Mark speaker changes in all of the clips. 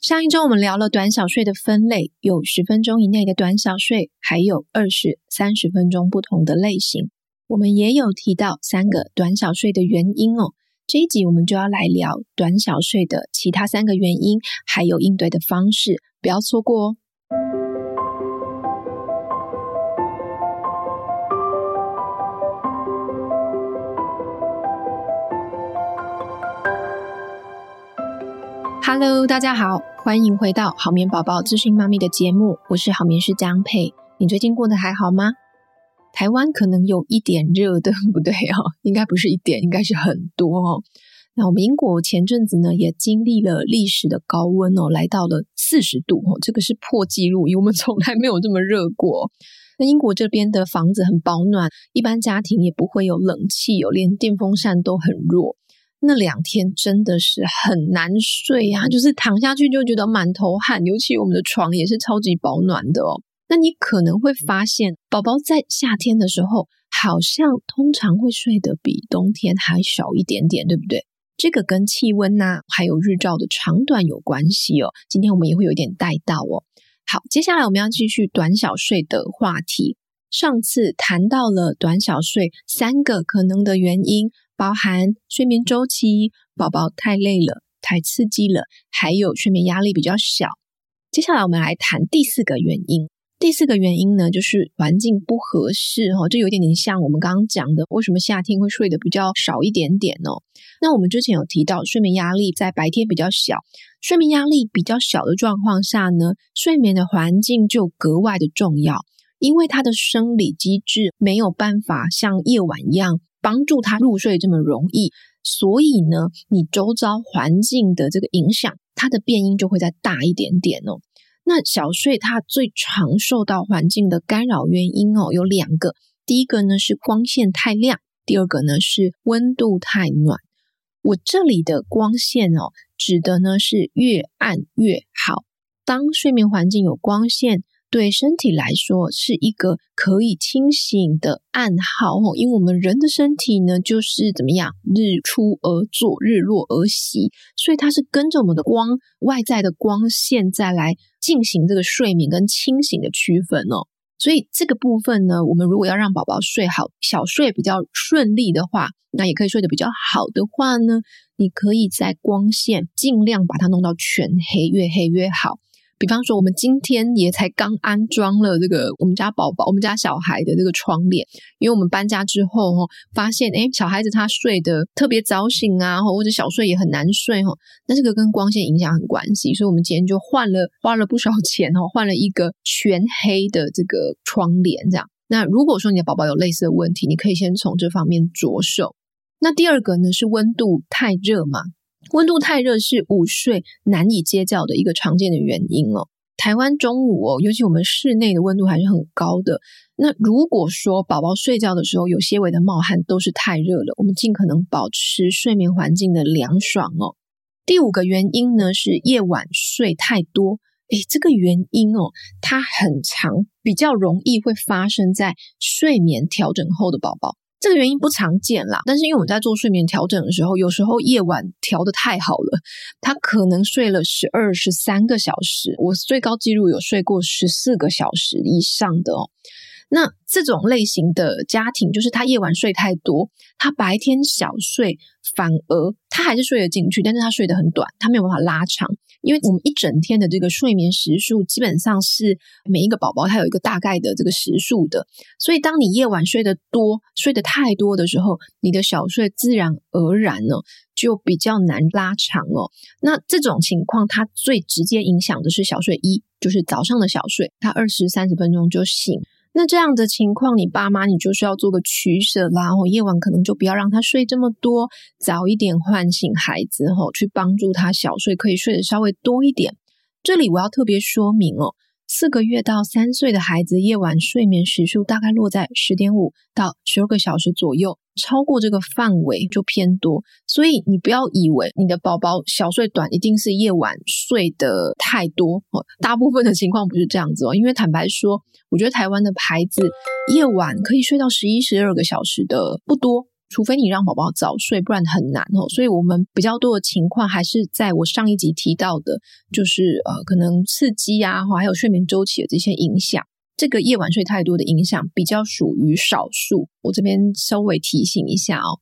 Speaker 1: 上一週我們聊了短小睡的分類，有十分鐘以內的短小睡，還有二十三十分鐘不同的類型。我們也有提到三個短小睡的原因哦。這一集我們就要來聊短小睡的其他三個原因，還有應對的方式，不要錯過哦。Hello，大家好，歡迎回到好眠寶寶諮詢媽咪的節目，我是好眠師張佩。你最近過得還好嗎？台灣可能有一點熱的，對不對哦，應該不是一點，應該是很多哦。那我們英國前陣子呢，也經歷了歷史的高溫哦，來到了四十度哦，這個是破紀錄，因為我們從來沒有這麼熱過。那英國這邊的房子很保暖，一般家庭也不會有冷氣有連電風扇都很弱。那兩天真的是很難睡呀，就是躺下去就覺得滿頭汗，尤其我們的床也是超級保暖的哦。那你可能會發現，寶寶在夏天的時候，好像通常會睡得比冬天還少一點點，對不對？這個跟氣溫吶，還有日照的長短有關係哦。今天我們也會有點帶到哦。好，接下來我們要繼續短小睡的話題。上次談到了短小睡三個可能的原因。包含睡眠週期，寶寶太累了，太刺激了，還有睡眠壓力比較小。接下來我們來談第四個原因。第四個原因呢，就是環境不合適。哦，這有點點像我們剛剛講的，為什麼夏天會睡得比較少一點點哦？那我們之前有提到，睡眠壓力在白天比較小，睡眠壓力比較小的狀況下呢，睡眠的環境就格外的重要。因為他的生理機制沒有辦法像夜晚一樣幫助他入睡這麼容易，所以呢，你周遭環境的這個影響，它的變因就會再大一點點哦。那小睡它最常受到環境的干擾原因哦，有兩個，第一個呢是光線太亮，第二個呢是溫度太暖。我這裡的光線哦，指的呢是越暗越好。當睡眠環境有光線。對身體來說是一個可以清醒的暗號哦，因為我們人的身體呢，就是怎麼樣，日出而作，日落而息，所以它是跟着我們的光，外在的光線再來進行這個睡眠跟清醒的區分哦。所以這個部分呢，我們如果要讓寶寶睡好，小睡比較順利的話，那也可以睡得比較好的話呢，你可以在光線儘量把它弄到全黑，越黑越好。比方說，我們今天也才剛安裝了這個我們家寶寶、我們家小孩的這個窗簾，因為我們搬家之後哈，發現誒，小孩子他睡得特別早醒啊，或者小睡也很難睡哈，那這個跟光線影響很關係，所以我們今天就換了，花了不少錢哦，換了一個全黑的這個窗簾，這樣。那如果說你的寶寶有類似的問題，你可以先從這方面着手。那第二個呢，是溫度太熱嘛？溫度太熱是午睡難以接覺的一個常見的原因哦。台灣中午哦，尤其我們室內的溫度還是很高的。那如果說寶寶睡覺的時候有些微的冒汗，都是太熱了。我們盡可能保持睡眠環境的涼爽哦。第五個原因呢，是夜晚睡太多，誒，這個原因哦，它很常比較容易會發生在睡眠調整後的寶寶。這個原因不常見啦，但是因為我在做睡眠調整的時候，有時候夜晚調的太好了，他可能睡了十二、十三個小時，我最高記錄有睡過十四個小時以上的哦。那這種類型的家庭，就是他夜晚睡太多，他白天小睡，反而他還是睡得進去，但是他睡得很短，他沒有辦法拉長。因為我們一整天的這個睡眠時數，基本上是每一個寶寶他有一個大概的這個時數的。所以當你夜晚睡得多，睡得太多的時候，你的小睡自然而然呢哦，就比較難拉長了哦。那這種情況，它最直接影響的是小睡一，就是早上的小睡，他二十三十分鐘就醒。那這樣的情況，你爸媽，你就是要做個取捨啦。然後夜晚可能就不要讓他睡這麼多，早一點喚醒孩子，吼，去幫助他小睡，可以睡得稍微多一點。這裡我要特別說明哦。四個月到三歲的孩子，夜晚睡眠時數大概落在十點五到十二個小時左右，超過這個範圍就偏多。所以你不要以為你的寶寶小睡短一定是夜晚睡得太多哦，大部分的情況不是這樣子哦。因為坦白說，我覺得台灣的孩子夜晚可以睡到十一、十二個小時的不多。除非你讓寶寶早睡，不然很難哦。所以我們比較多的情況還是在我上一集提到的，就是呃，可能刺激啊，或還有睡眠週期的這些影響。這個夜晚睡太多的影響比較屬於少數。我這邊稍微提醒一下哦。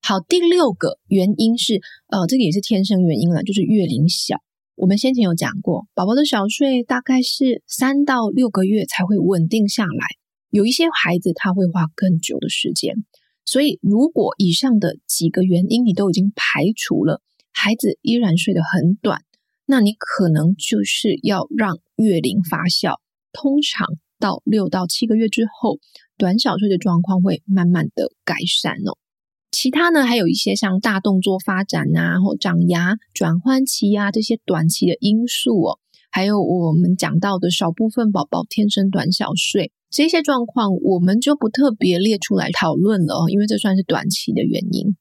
Speaker 1: 好，第六個原因是呃，這個也是天生原因了，就是月齡小。我們先前有講過，寶寶的小睡大概是三到六個月才會穩定下來，有一些孩子他會花更久的時間。所以，如果以上的幾個原因你都已經排除了，孩子依然睡得很短，那你可能就是要讓月齡發酵。通常到六到七個月之後，短小睡的狀況會慢慢的改善哦。其他呢，還有一些像大動作發展啊，或長牙轉換期啊這些短期的因素哦，還有我們講到的少部分寶寶天生短小睡。這些狀況我們就不特別列出來討論了哦，因為這算是短期的原因。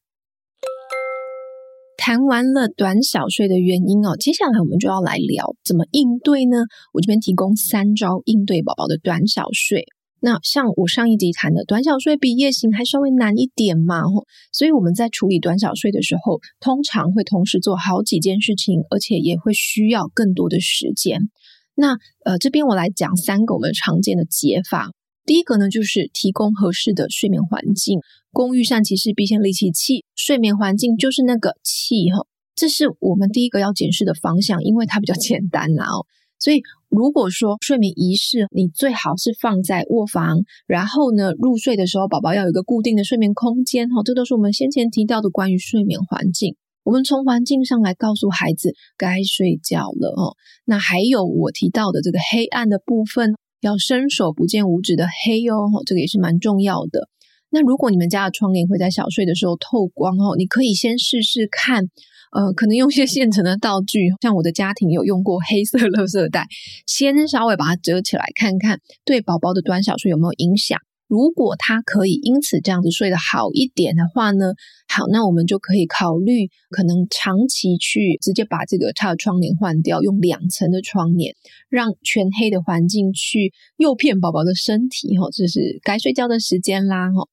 Speaker 1: 談完了短小睡的原因哦，接下來我們就要來聊怎麼應對呢？我這邊提供三招應對寶寶的短小睡。那像我上一集談的，短小睡比夜醒還稍微難一點嘛，所以我們在處理短小睡的時候，通常會同時做好幾件事情，而且也會需要更多的時間。那呃，這邊我來講三個我們常見的解法。第一個呢，就是提供合適的睡眠環境。工欲善其事必先利其器，氣，睡眠環境就是那個器吼，這是我們第一個要解釋的方向，因為它比較簡單啦、啊、哦。所以如果說睡眠儀式，你最好是放在臥房，然後呢入睡的時候，寶寶要有一個固定的睡眠空間哦，這都是我們先前提到的關於睡眠環境。我們從環境上來告訴孩子該睡覺了哦。那還有我提到的這個黑暗的部分，要伸手不見五指的黑哦，這個也是蠻重要的。那如果你們家的窗簾會在小睡的時候透光哦，你可以先試試看，呃，可能用一些現成的道具，像我的家庭有用過黑色垃圾袋，先稍微把它遮起來看看，對寶寶的短小睡有沒有影響。如果他可以因此這樣子睡得好一點的話呢，好，那我們就可以考慮可能長期去直接把這個差的窗簾換掉，用兩層的窗簾，讓全黑的環境去誘騙寶寶的身體，哈，這是該睡覺的時間啦，哈。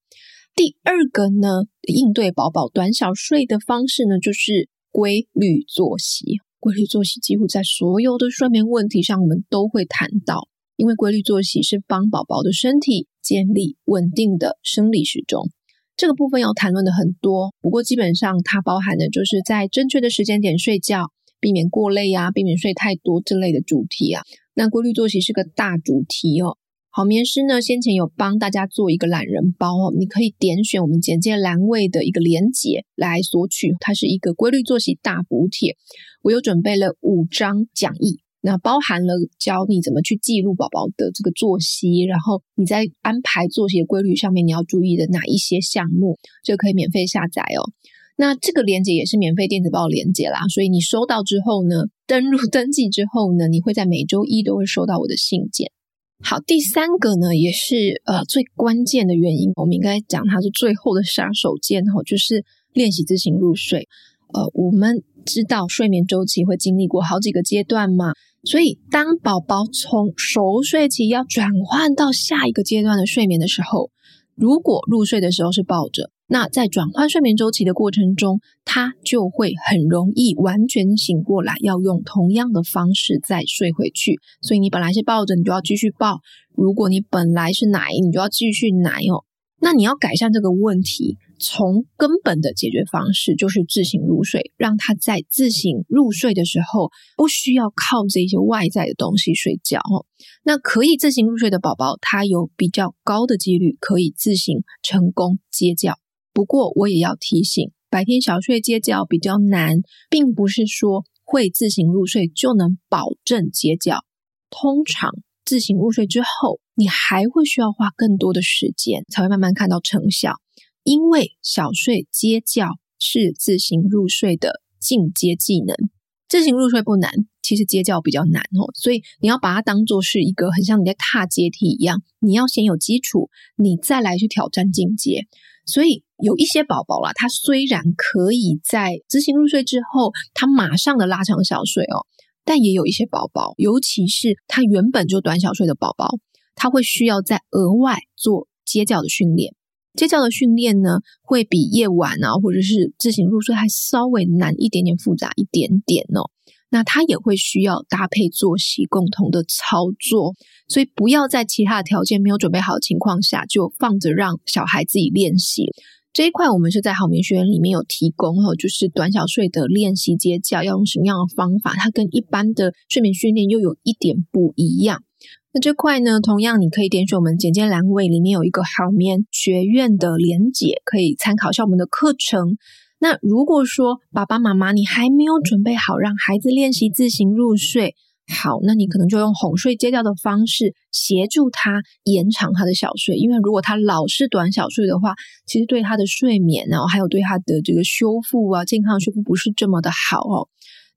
Speaker 1: 第二個呢，應對寶寶短小睡的方式呢，就是規律作息。規律作息幾乎在所有的睡眠問題上，我們都會談到。因為規律作息是幫寶寶的身體建立穩定的生理時鐘，這個部分要談論的很多。不過基本上它包含的就是在正確的時間點睡覺，避免過累呀、啊，避免睡太多這類的主題啊。那規律作息是個大主題哦。好眠師呢，先前有幫大家做一個懶人包哦，你可以點選我們簡介欄位的一個連結來索取，它是一個規律作息大補帖。我又準備了五張講義。那包含了教你怎麼去記錄寶寶的這個作息，然後你在安排作息的規律上面，你要注意的哪一些項目，就可以免費下載哦。那這個鏈接也是免費電子報鏈接啦，所以你收到之後呢，登錄登記之後呢，你會在每週一都會收到我的信件。好，第三個呢，也是呃最關鍵的原因，我們應該講它是最後的殺手鐧哦，就是練習自行入睡。呃，我們知道睡眠週期會經歷過好幾個階段嘛。所以，當寶寶從熟睡期要轉換到下一個階段的睡眠的時候，如果入睡的時候是抱着，那在轉換睡眠周期的過程中，他就會很容易完全醒過來，要用同樣的方式再睡回去。所以，你本來是抱着，你就要繼續抱；如果你本來是奶，你就要繼續奶哦。那你要改善這個問題，從根本的解決方式就是自行入睡，讓他在自行入睡的時候不需要靠這些外在的東西睡覺。那可以自行入睡的寶寶，他有比較高的幾率可以自行成功接覺。不過我也要提醒，白天小睡接覺比較難，並不是說會自行入睡就能保證接覺。通常。自行入睡之後，你還會需要花更多的時間，才會慢慢看到成效。因為小睡接覺是自行入睡的進階技能。自行入睡不難，其實接覺比較難哦。所以你要把它當做是一個很像你在踏階梯一樣，你要先有基礎，你再來去挑戰進階。所以有一些寶寶啦，他雖然可以在自行入睡之後，他馬上的拉長小睡哦。但也有一些寶寶，尤其是他原本就短小睡的寶寶，他會需要再額外做接覺的訓練。接覺的訓練呢，會比夜晚啊，或者是自行入睡還稍微難一點點、複雜一點點哦。那他也會需要搭配作息共同的操作，所以不要在其他的條件沒有準備好的情況下，就放着讓小孩自己練習。這一塊我們是在好眠學院裡面有提供哈，就是短小睡的練習接覺要用什麼樣的方法，它跟一般的睡眠訓練又有一點不一樣。那這塊呢，同樣你可以點選我們簡介欄位裡面有一個好眠學院的連結，可以參考一下我們的課程。那如果說爸爸媽媽你還沒有準備好讓孩子練習自行入睡，好，那你可能就用哄睡接覺的方式協助他延長他的小睡，因為如果他老是短小睡的話，其實對他的睡眠啊，然後還有對他的這個修復啊、健康修復不是這麼的好哦。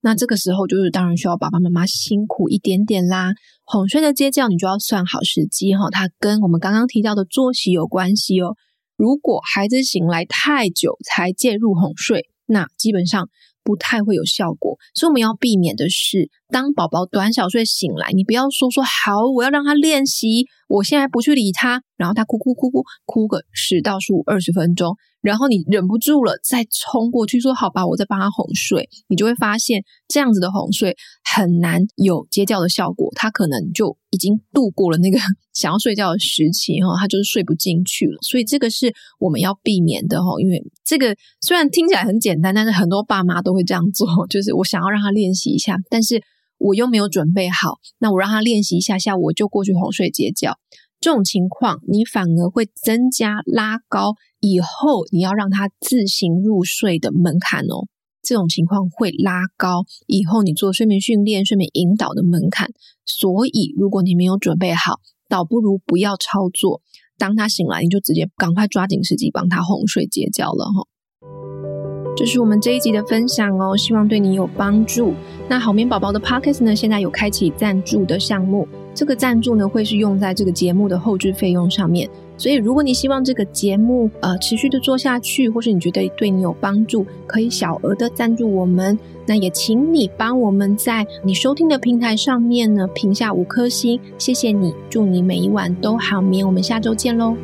Speaker 1: 那這個時候就是當然需要爸爸媽媽辛苦一點點啦。哄睡的接覺你就要算好時機哈哦，它跟我們剛剛提到的作息有關係哦。如果孩子醒來太久才介入哄睡，那基本上，不太會有效果，所以我們要避免的是，當寶寶短小睡醒來，你不要說說好，我要讓他練習，我現在不去理他。然後他哭哭哭哭哭個十到十五二十分鐘，然後你忍不住了，再衝過去說：“好吧，我再幫他哄睡。”你就會發現這樣子的哄睡很難有接覺的效果。他可能就已經度過了那個想要睡覺的時期，哈，他就是睡不進去了。所以這個是我們要避免的，哈。因為這個雖然聽起來很簡單，但是很多爸媽都會這樣做，就是我想要讓他練習一下，但是我又沒有準備好，那我讓他練習一下，下午我就過去哄睡接覺。這種情況，你反而會增加拉高以後你要讓他自行入睡的門檻哦。這種情況會拉高以後你做睡眠訓練、睡眠引導的門檻。所以，如果你沒有準備好，倒不如不要操作。當他醒來，你就直接趕快抓緊時機幫他哄睡、接覺了哈、哦。這是我們這一集的分享哦，希望對你有幫助。那好眠寶寶的 Podcast 呢，現在有開啟贊助的項目。這個贊助呢，會是用在這個節目的後製費用上面。所以，如果你希望這個節目呃持續的做下去，或是你覺得對你有幫助，可以小額的贊助我們。那也請你幫我們在你收聽的平台上面呢評下五顆星，謝謝你，祝你每一晚都好眠，我們下周見嘍。